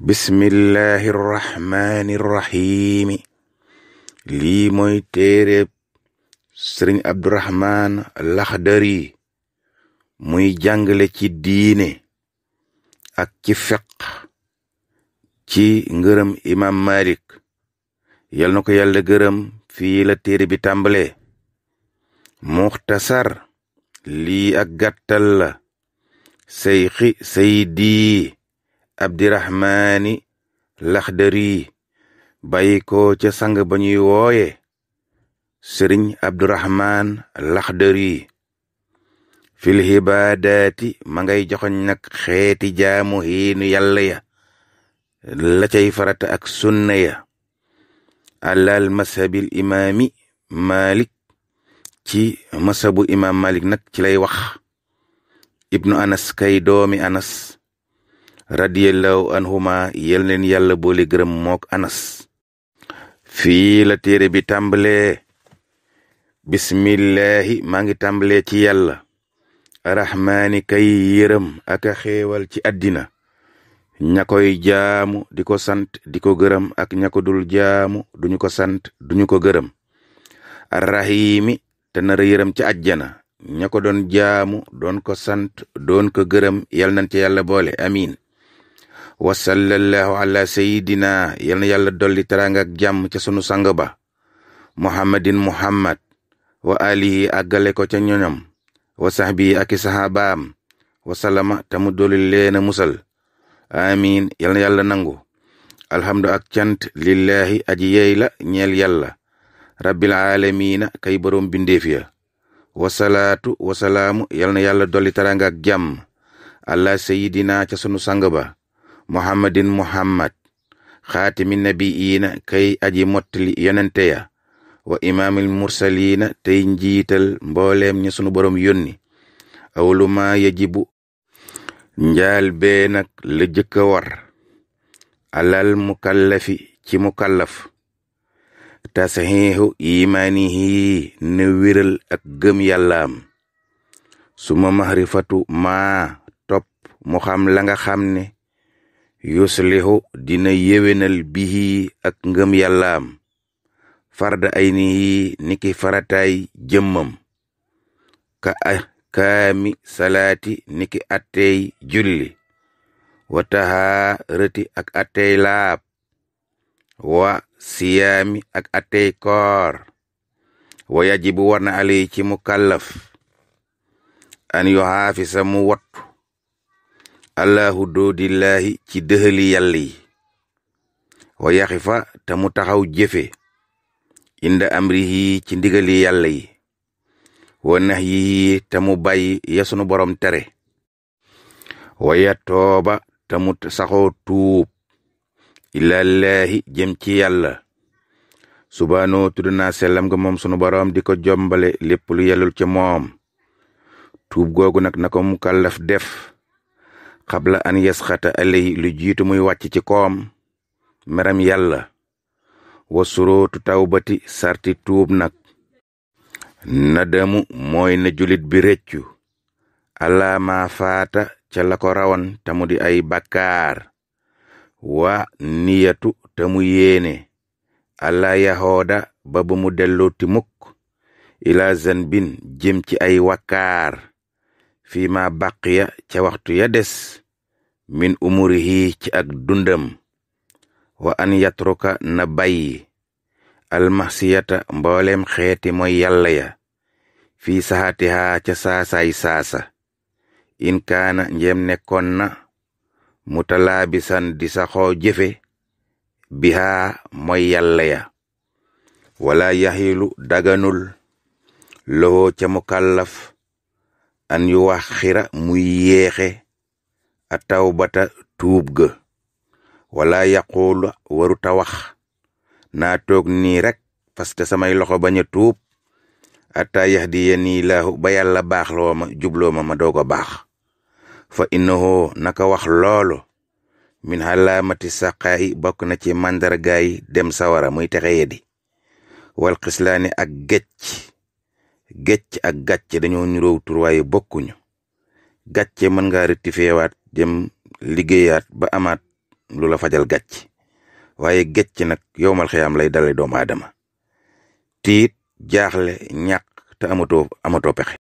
bismillahi irrahmani irrahimi lii mooy téereb sëriñ abdurahman laxdari muy jàngale ci diine ak ci feq ci ngërëm imam malik yal na ko yàlla gërëm fii la téere bi tàmbale muxtasar lii ak gàttal la sayxi saydii abdirahmaani laxdari bàyyi ko ca sang ba ñuy wooye sëriñ lax laxdari fil hibaadaati ma ngay joxoñ nag xeeti jaamu hiinu yàlla ya la cay farata ak sunna ya alal masabil imaami malik ci masabu imaam malik nag ci lay wax ibnu anas kay doomi anas radiyallahu anhuma yal neen yàlla boole gërëm mook anas fii la téere bi tàmbalee bismillahi maa ngi tàmbalee ci yàlla rahmaani kay yërëm ak a xéewal ci àddina ña koy jaamu di ko sant di ko gërëm ak ña dul jaamu duñu ko sant duñu ko gërëm arrahiimi te nara yërëm ci àjjana ña ko doon jaamu doon ko sant doon ko gërëm yal ci yàlla boole amiin wasallallahu ala sayidina yal na yàlla dolli teraanga ak jàmm ca sunu sang ba muhammadin muhammad wa alihi àggale ko ca ñoñam wa sahbi ak i wasalama te mu dolli musal amiin yal na yàlla nangu alhamdu ak cant lillahi aji yeey la ñeel yàlla rabbil aalamiina kay boroom bindeef ya wasalaatu wasalaamu yal na yàlla dolli teraanga ak jàmm allah sayidina ca sunu sang muhammadin muhammad xaatimi nabiyiina kay aji mottali yonente ya wa imaamil mursaliina tey njiital mbooleem ñi sunu borom yónni awluma yajibu njaal bee nag la jëkk war alal mukallafi ci mukallaf tasaxiixu imaanihi ne wéral ak gëm yàllaam suma maxrifatu maa topp mu xam la nga xam ne yuslihu dina yéwénal bihi ak ngëm yàllaam farda ay nihi niki farataay jëmmam ka kaami salaati niki attey julli wa tahaarati ak attey laab wa siyaami ak attey koor wa yajibu war na mukallaf an yuhaafisa mu wattu allahu doodillaahi ci dëxali yàlla yi wa yaxi fa te mu taxaw jëfe inda amri yi ci ndigali yàlla yi wa nax yi te mu bàyyi ya sunu borom tere wa ya tooba te mu saxoo tuub ilallaahi jëm ci yàlla subaanoo tudd naa sellam nga moom sunu borom di ko jombale lépp lu yellul ci moom tuub googu nag na ko mukallaf def xabla an yasxata aley lu jiitu muy wàcc ci koom meram yàlla wa surootu tawbati sarti tuub nag na na julit bi rëccu allah ma faata ca la ko rawan te mu di ay bakkaar wa niyatu te mu yéene allah yahooda ba mu delloo ti mukk ila zanbin jëm ci ay wakkaar fii ma baqiya ca waxtu ya des min umurihi ci ak dundam wa an yatruka na bàyyi almasiyata mboolem xeeti mooy yàlla ya fi saxaatihaa ca saasaay saasa in njem njeem nekkoon na mutalaabisan di saxoo jëfe bihaa mooy yàlla ya wala yaxilu daganul lowoo ca mukallaf an yu wax xira muy yeexe a tawbata tuub ga wala yaqulu waruta wax naa toog nii rek parce que samay loxo bañ ata tuub ataa yahdiyani laahu ba yàlla baax loo ma ma ma baax fa innahu naka wax loolu min alaamati saqaayi bokk na ci màndargaay dem sawara muy texe yedi wal xislaani ak gecc gecc ak gàcce dañoo niroow tur waaye bokkuñu gàcce mën ngaa rectifiewaat dem liggéeyaat ba amaat lu la fajal gàcc waaye gecc nag yowmal xiyaam lay dale doomu aadama tiit jaaxle ñàkk te amatoo amatoo pexe